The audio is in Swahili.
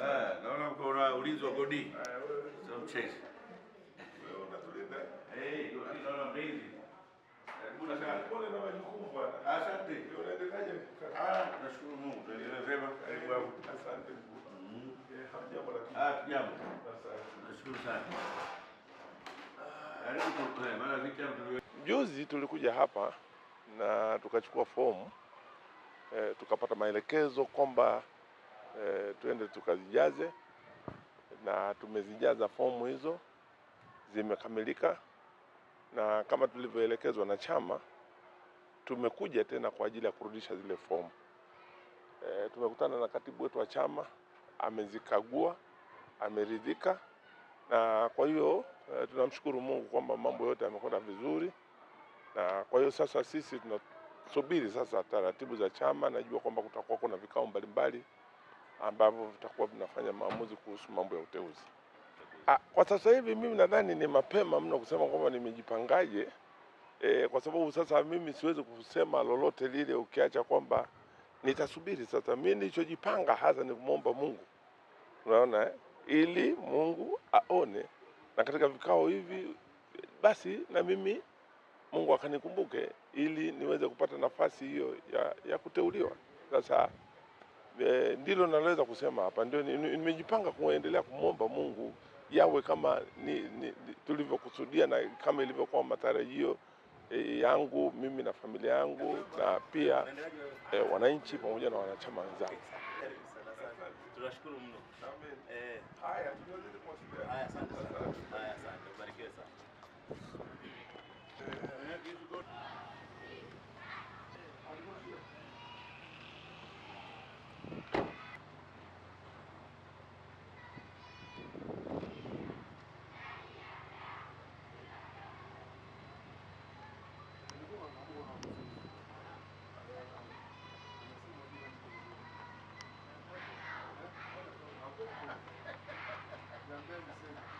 Eh, naona mko na ulinzi wa godi. Eh, Sio mchezo. Juzi tulikuja hapa na tukachukua fomu e, tukapata maelekezo kwamba e, eh, tuende tukazijaze, na tumezijaza fomu hizo zimekamilika, na kama tulivyoelekezwa na chama, tumekuja tena kwa ajili ya kurudisha zile fomu. E, tumekutana na katibu wetu wa chama, amezikagua, ameridhika, na kwa hiyo e, tunamshukuru Mungu kwamba mambo yote yamekwenda vizuri, na kwa hiyo sasa sisi tunasubiri sasa taratibu za chama. Najua kwamba kutakuwa kuna vikao mbalimbali ambavyo vitakuwa vinafanya maamuzi kuhusu mambo ya uteuzi. A, ah, kwa sasa hivi mimi nadhani ni mapema mno kusema kwamba nimejipangaje, e, kwa sababu sasa mimi siwezi kusema lolote lile ukiacha kwamba nitasubiri. Sasa mimi nilichojipanga hasa ni kumwomba Mungu, unaona eh? ili Mungu aone na katika vikao hivi basi na mimi Mungu akanikumbuke ili niweze kupata nafasi hiyo ya, ya kuteuliwa sasa e, ndilo naloweza kusema hapa. Ndio nimejipanga kuendelea kumwomba Mungu yawe kama ni, ni, tulivyokusudia na kama ilivyokuwa matarajio e, yangu mimi na familia yangu na pia e, wananchi pamoja na wanachama wenzangu. Tunashukuru mno. Haya, asante sana. 不是。